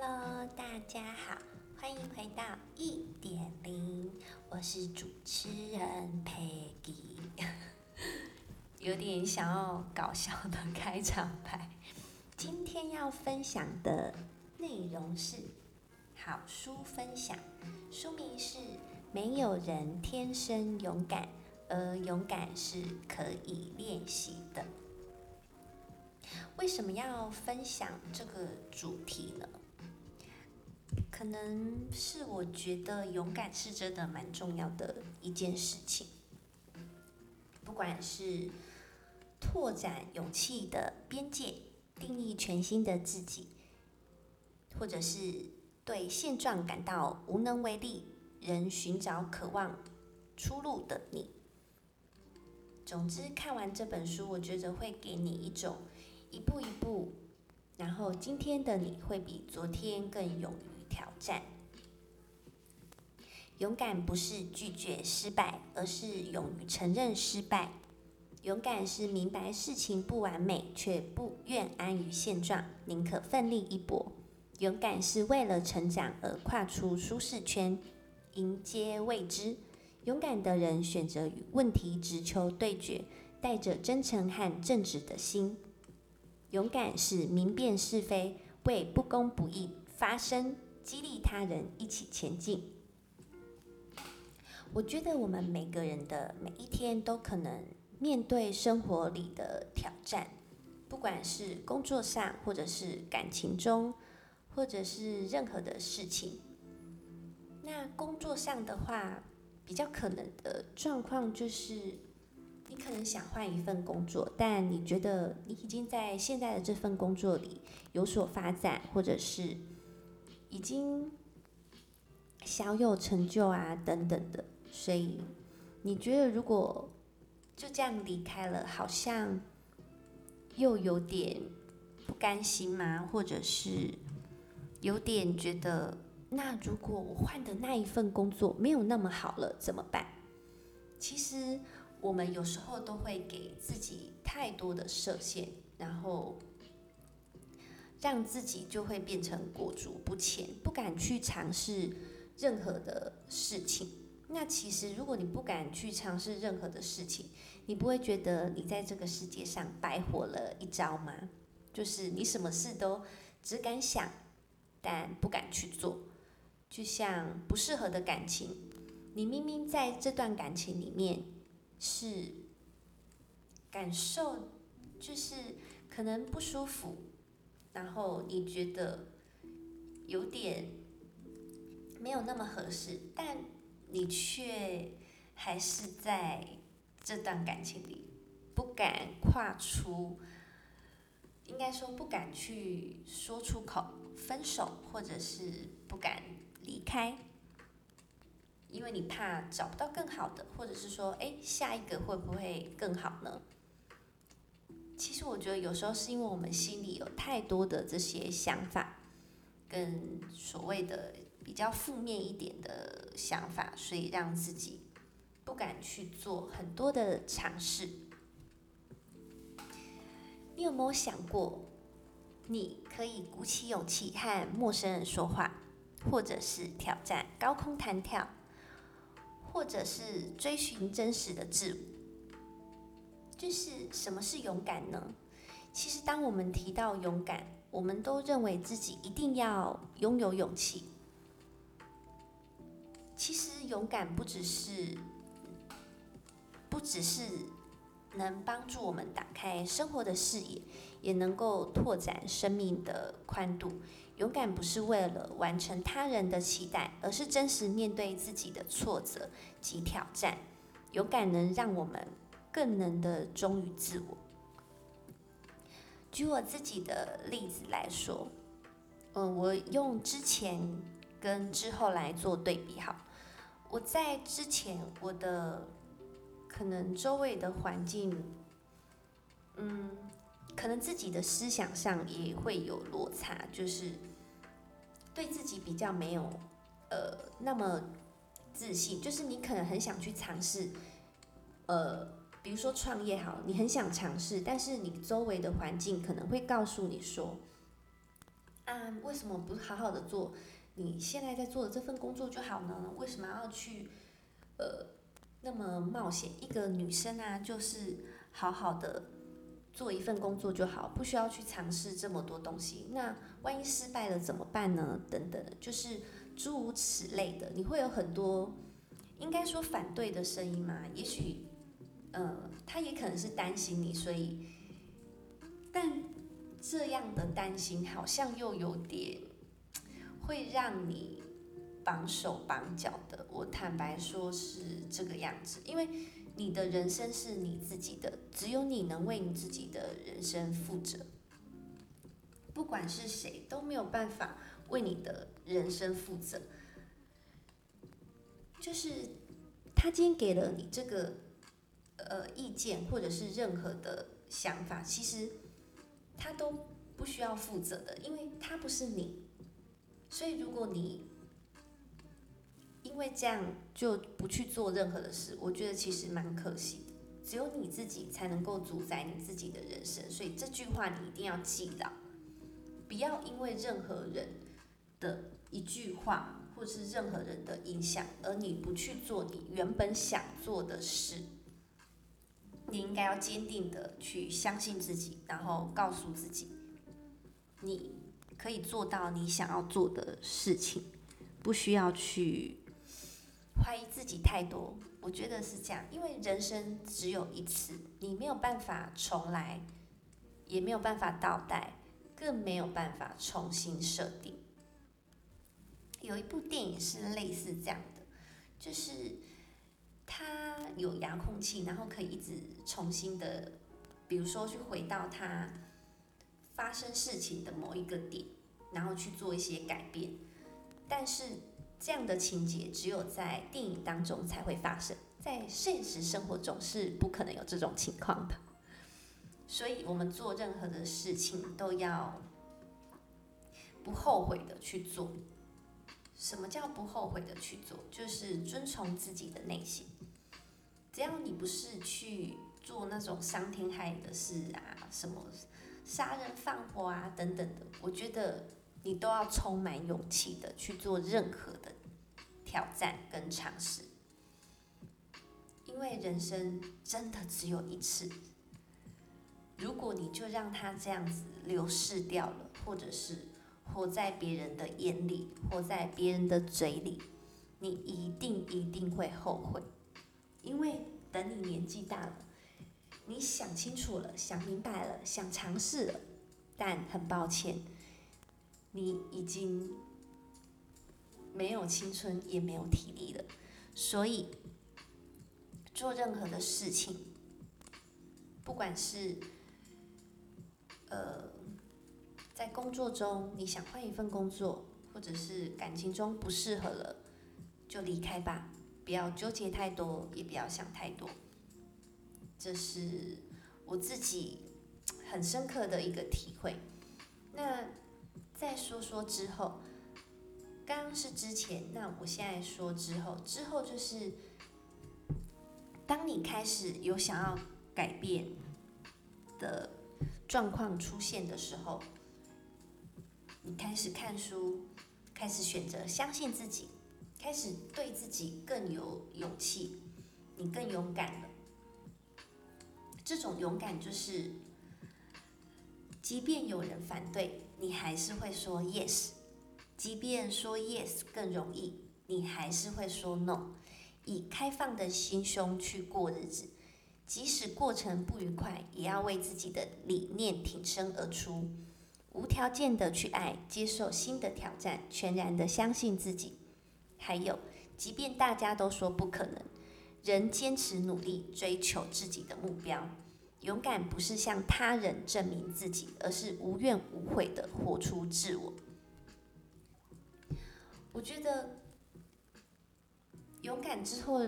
Hello，大家好，歡迎回到一點零，我是主持人 Peggy， 有點想要搞笑的開場白。今天要分享的內容是好書分享，書名是《沒有人天生勇敢，而勇敢是可以練習的》。為什麼要分享這個主題呢？可能是我覺得勇敢是真的蠻重要的一件事情，不管是拓展勇氣的邊界，定義全新的自己，或者是對現狀感到無能為力，仍尋找渴望出路的你。總之，看完這本書，我覺得會給你一種一步一步，然後今天的你會比昨天更勇敢。挑戰。勇敢不是拒絕失敗，而是勇於承認失敗。勇敢是明白事情不完美，卻不願安於現狀，寧可奮力一搏。勇敢是為了成長而跨出舒適圈，迎接未知。勇敢的人選擇與問題直球對決，帶着真誠和正直的心。勇敢是明辨是非，為不公不義發聲。激勵他人一起前進。我覺得我們每個人的每一天都可能面對生活裡的挑戰，不管是工作上，或者是感情中，或者是任何的事情。那工作上的話，比較可能的狀況就是，你可能想換一份工作，但你覺得你已經在現在的這份工作裡有所發展，或者是。已經小有成就啊，等等的，所以你覺得如果就這樣離開了，好像又有點不甘心嗎？或者是有點覺得，那如果我換的那一份工作沒有那麼好了，怎麼辦？其實我們有時候都會給自己太多的設限，然後。讓自己就會變成裹足不前，不敢去嘗試任何的事情。那其實，如果你不敢去嘗試任何的事情，你不會覺得你在這個世界上白活了一遭嗎？就是你什麼事都只敢想，但不敢去做。就像不適合的感情，你明明在這段感情裡面是感受，就是可能不舒服。然後你覺得有點沒有那麼合適，但你卻還是在這段感情裡不敢跨出，應該說不敢去說出口分手，或者是不敢離開，因為你怕找不到更好的，或者是說，哎，下一個會不會更好呢？其實我覺得有時候是因為我們心裡有太多的這些想法，跟所謂的比較負面一點的想法，所以讓自己不敢去做很多的嘗試。你有沒有想過，你可以鼓起勇氣和陌生人說話，或者是挑戰高空彈跳，或者是追尋真實的自我？就是什麼是勇敢呢？其實，當我們提到勇敢，我們都認為自己一定要擁有勇氣。其實，勇敢不只是不只是能幫助我們打開生活的視野，也能夠拓展生命的寬度。勇敢不是為了完成他人的期待，而是真實面對自己的挫折及挑戰。勇敢能讓我們。更能的忠於自我。舉我自己的例子來說，嗯、呃，我用之前跟之後來做對比。好，我在之前，我的可能周圍的環境，嗯，可能自己的思想上也會有落差，就是對自己比較沒有呃那麼自信，就是你可能很想去嘗試，呃。比如說創業好，你很想嘗試，但是你周圍的環境可能會告訴你說：“啊，為什麼不好好的做你現在在做的這份工作就好呢？為什麼要去呃那麼冒險？一個女生啊，就是好好的做一份工作就好，不需要去嘗試這麼多東西。那萬一失敗了怎麼辦呢？等等的，就是諸如此類的，你會有很多應該說反對的聲音嘛？也許。”嗯，他也可能是擔心你，所以，但這樣的擔心好像又有點會讓你綁手綁腳的。我坦白說，是這個樣子，因為你的人生是你自己的，只有你能為你自己的人生負責，不管是誰都沒有辦法為你的人生負責。就是他今天給了你這個。呃，意見或者是任何的想法，其實他都不需要負責的，因為他不是你。所以，如果你因為這樣就不去做任何的事，我覺得其實蠻可惜的。只有你自己才能夠主宰你自己的人生，所以這句話你一定要記牢，不要因為任何人的一句話或者是任何人的影響，而你不去做你原本想做的事。應該要堅定的去相信自己，然後告訴自己，你可以做到你想要做的事情，不需要去懷疑自己太多。我覺得是這樣，因為人生只有一次，你沒有辦法重來，也沒有辦法倒帶，更沒有辦法重新設定。有一部電影是類似這樣的，就是。他有遙控器，然後可以一直重新的，比如說去回到他發生事情的某一個點，然後去做一些改變。但是這樣的情節只有在電影當中才會發生，在現實生活中是不可能有這種情況的。所以我們做任何的事情都要不後悔的去做。什麼叫不後悔的去做？就是遵從自己的內心。只要你不是去做那種傷天害理的事啊，什麼殺人放火啊等等的，我覺得你都要充滿勇氣的去做任何的挑戰跟嘗試，因為人生真的只有一次。如果你就讓它這樣子流逝掉了，或者是活在別人的眼裡，活在別人的嘴裡，你一定一定會後悔。因為等你年紀大了，你想清楚了，想明白了，想嘗試了，但很抱歉，你已經沒有青春，也沒有體力了，所以做任何的事情，不管是呃，在工作中你想換一份工作，或者是感情中不適合了，就離開吧。不要糾結太多，也不要想太多，這是我自己很深刻的一個體會。那再說說之後，剛剛是之前，那我現在說之後，之後就是當你開始有想要改變的狀況出現的時候，你開始看書，開始選擇相信自己。開始對自己更有勇氣，你更勇敢了。這種勇敢就是，即便有人反對，你還是會說 yes；即便說 yes 更容易，你還是會說 no。以開放的心胸去過日子，即使過程不愉快，也要為自己的理念挺身而出，無條件的去愛，接受新的挑戰，全然的相信自己。還有，即便大家都說不可能，仍堅持努力追求自己的目標。勇敢不是向他人證明自己，而是無怨無悔的活出自我。我覺得，勇敢之後，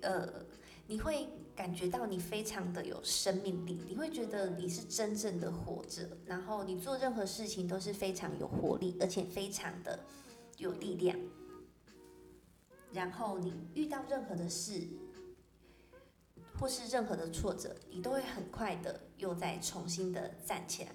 呃，你會感覺到你非常的有生命力，你會覺得你是真正的活着。然後，你做任何事情都是非常有活力，而且非常的有力量。然後你遇到任何的事，或是任何的挫折，你都會很快的又再重新的站起來，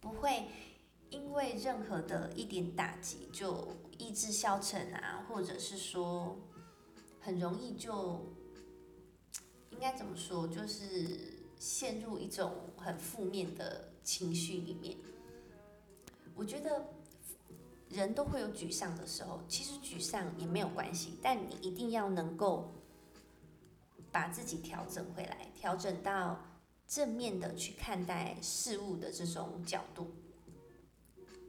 不會因為任何的一點打擊就意志消沉啊，或者是說很容易就應該怎麼說，就是陷入一種很負面的情緒裡面。我覺得。人都會有沮喪的時候，其實沮喪也沒有關係，但你一定要能夠把自己調整回來，調整到正面的去看待事物的這種角度。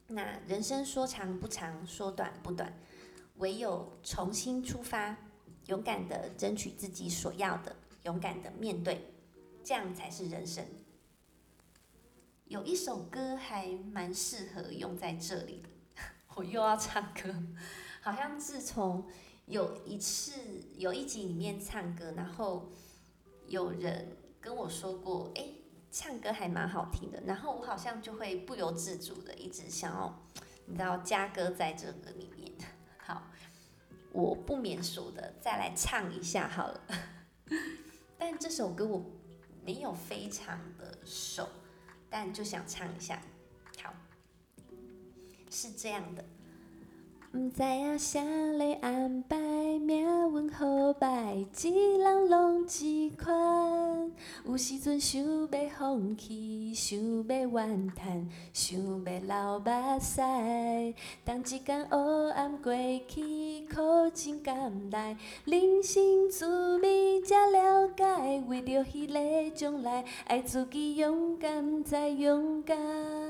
那人生說長不長，說短不短，唯有重新出發，勇敢的爭取自己所要的，勇敢的面對，這樣才是人生。有一首歌還蠻適合用在這裡。我又要唱歌，好像自從有一次有一集裡面唱歌，然後有人跟我說過，哎、欸，唱歌還蠻好聽的，然後我好像就會不由自主的一直想要，你知道加歌在這個裡面。好，我不免俗的再來唱一下好了，但這首歌我沒有非常的熟，但就想唱一下。是這樣的，不知影誰來安排，命運好歹，一人攏一款，有時陣想要放棄，想要怨嘆，想要流目屎。當一天黑暗過去，苦盡甘來，人生滋味才了解。為了迄個將來，愛自己勇敢，再勇敢。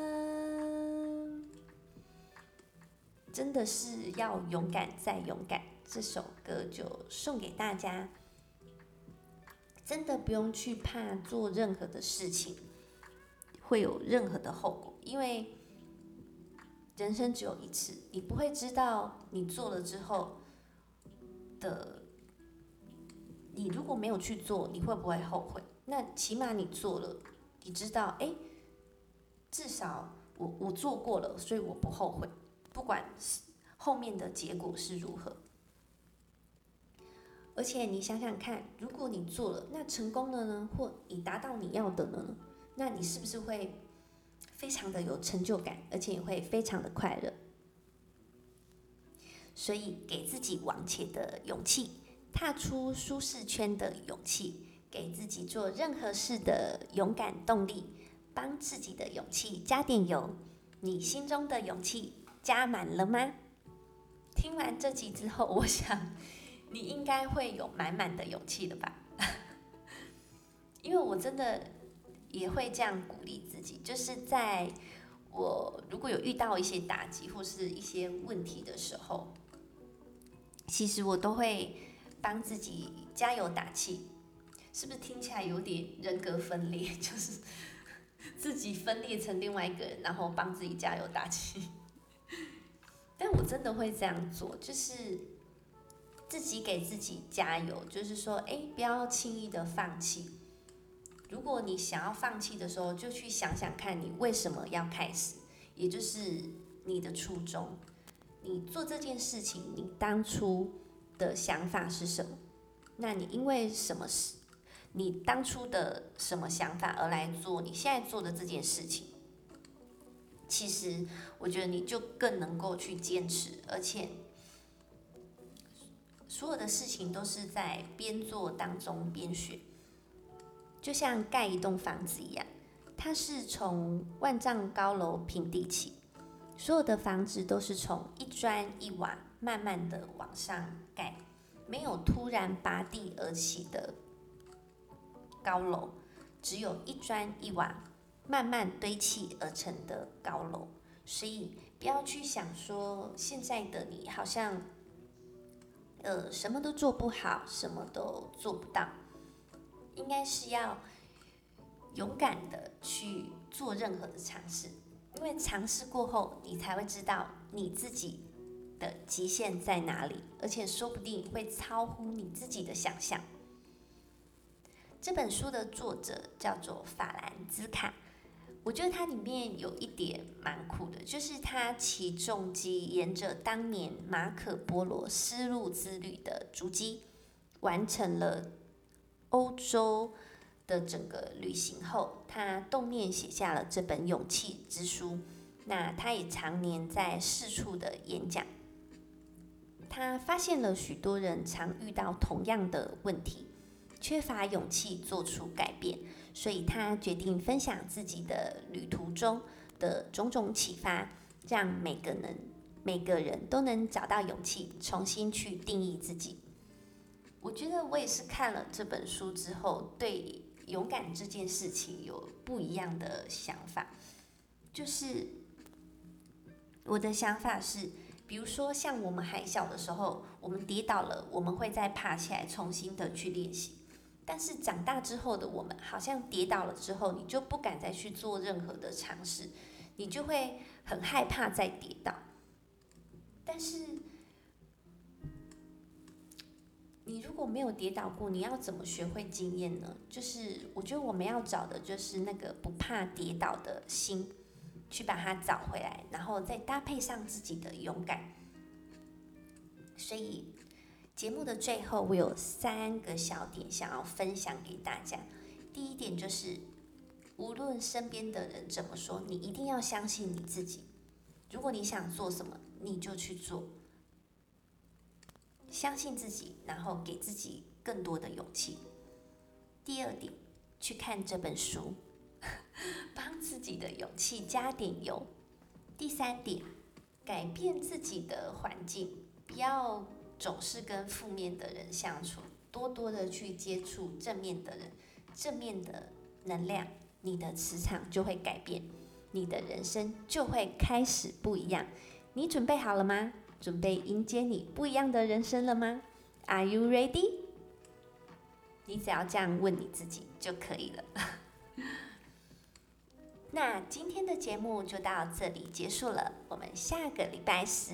真的是要勇敢再勇敢，這首歌就送給大家。真的不用去怕做任何的事情，會有任何的後果，因為人生只有一次，你不會知道你做了之後的，你如果沒有去做，你會不會後悔？那起碼你做了，你知道，哎，至少我我做過了，所以我不後悔。不管是後面的結果是如何，而且你想想看，如果你做了，那成功了呢，或你達到你要的呢，那你是不是會非常的有成就感，而且也會非常的快樂？所以，給自己往前的勇氣，踏出舒適圈的勇氣，給自己做任何事的勇敢動力，幫自己的勇氣加點油，你心中的勇氣。加滿了嗎？聽完這集之後，我想你應該會有滿滿的勇氣了吧？ 因為我真的也會這樣鼓勵自己，就是在我如果有遇到一些打擊或是一些問題的時候，其實我都會幫自己加油打氣。是不是聽起來有點人格分裂？就是自己分裂成另外一個人，然後幫自己加油打氣。但我真的會這樣做，就是自己給自己加油，就是說，哎、欸，不要輕易的放棄。如果你想要放棄的時候，就去想想看你為什麼要開始，也就是你的初衷。你做這件事情，你當初的想法是什麼？那你因為什麼事，你當初的什麼想法而來做你現在做的這件事情？其實我覺得你就更能夠去堅持，而且所有的事情都是在邊做當中邊學，就像蓋一棟房子一樣，它是從萬丈高樓平地起，所有的房子都是從一磚一瓦慢慢的往上蓋，沒有突然拔地而起的高樓，只有一磚一瓦。慢慢堆砌而成的高樓，所以不要去想說現在的你好像，呃，什麼都做不好，什麼都做不到，應該是要勇敢的去做任何的嘗試，因為嘗試過後，你才會知道你自己的極限在哪裡，而且說不定會超乎你自己的想象。這本書的作者叫做法蘭茲卡。我覺得它裡面有一點蠻酷的，就是他騎重機沿着當年馬可波羅絲路之旅的足跡，完成了歐洲的整個旅行後，他動念寫下了這本勇氣之書。那他也常年在四處的演講，他發現了許多人常遇到同樣的問題。缺乏勇氣做出改變，所以她決定分享自己的旅途中的種種啟發，讓每個人、每個人都能找到勇氣，重新去定義自己。我覺得我也是看了這本書之後，對勇敢這件事情有不一樣的想法。就是我的想法是，比如說像我們還小的時候，我們跌倒了，我們會再爬起來，重新的去練習。但是長大之後的我們，好像跌倒了之後，你就不敢再去做任何的嘗試，你就會很害怕再跌倒。但是，你如果沒有跌倒過，你要怎麼學會經驗呢？就是我覺得我們要找的就是那個不怕跌倒的心，去把它找回來，然後再搭配上自己的勇敢。所以。節目的最後，我有三個小點想要分享給大家。第一點就是，無論身邊的人怎麼說，你一定要相信你自己。如果你想做什麼，你就去做，相信自己，然後給自己更多的勇氣。第二點，去看這本書，幫自己的勇氣加點油。第三點，改變自己的環境，不要。總是跟負面的人相處，多多的去接觸正面的人、正面的能量，你的磁場就會改變，你的人生就會開始不一樣。你準備好了嗎？準備迎接你不一樣的人生了嗎？Are you ready？你只要這樣問你自己就可以了。 那今天的節目就到這裡結束了，我們下個禮拜四。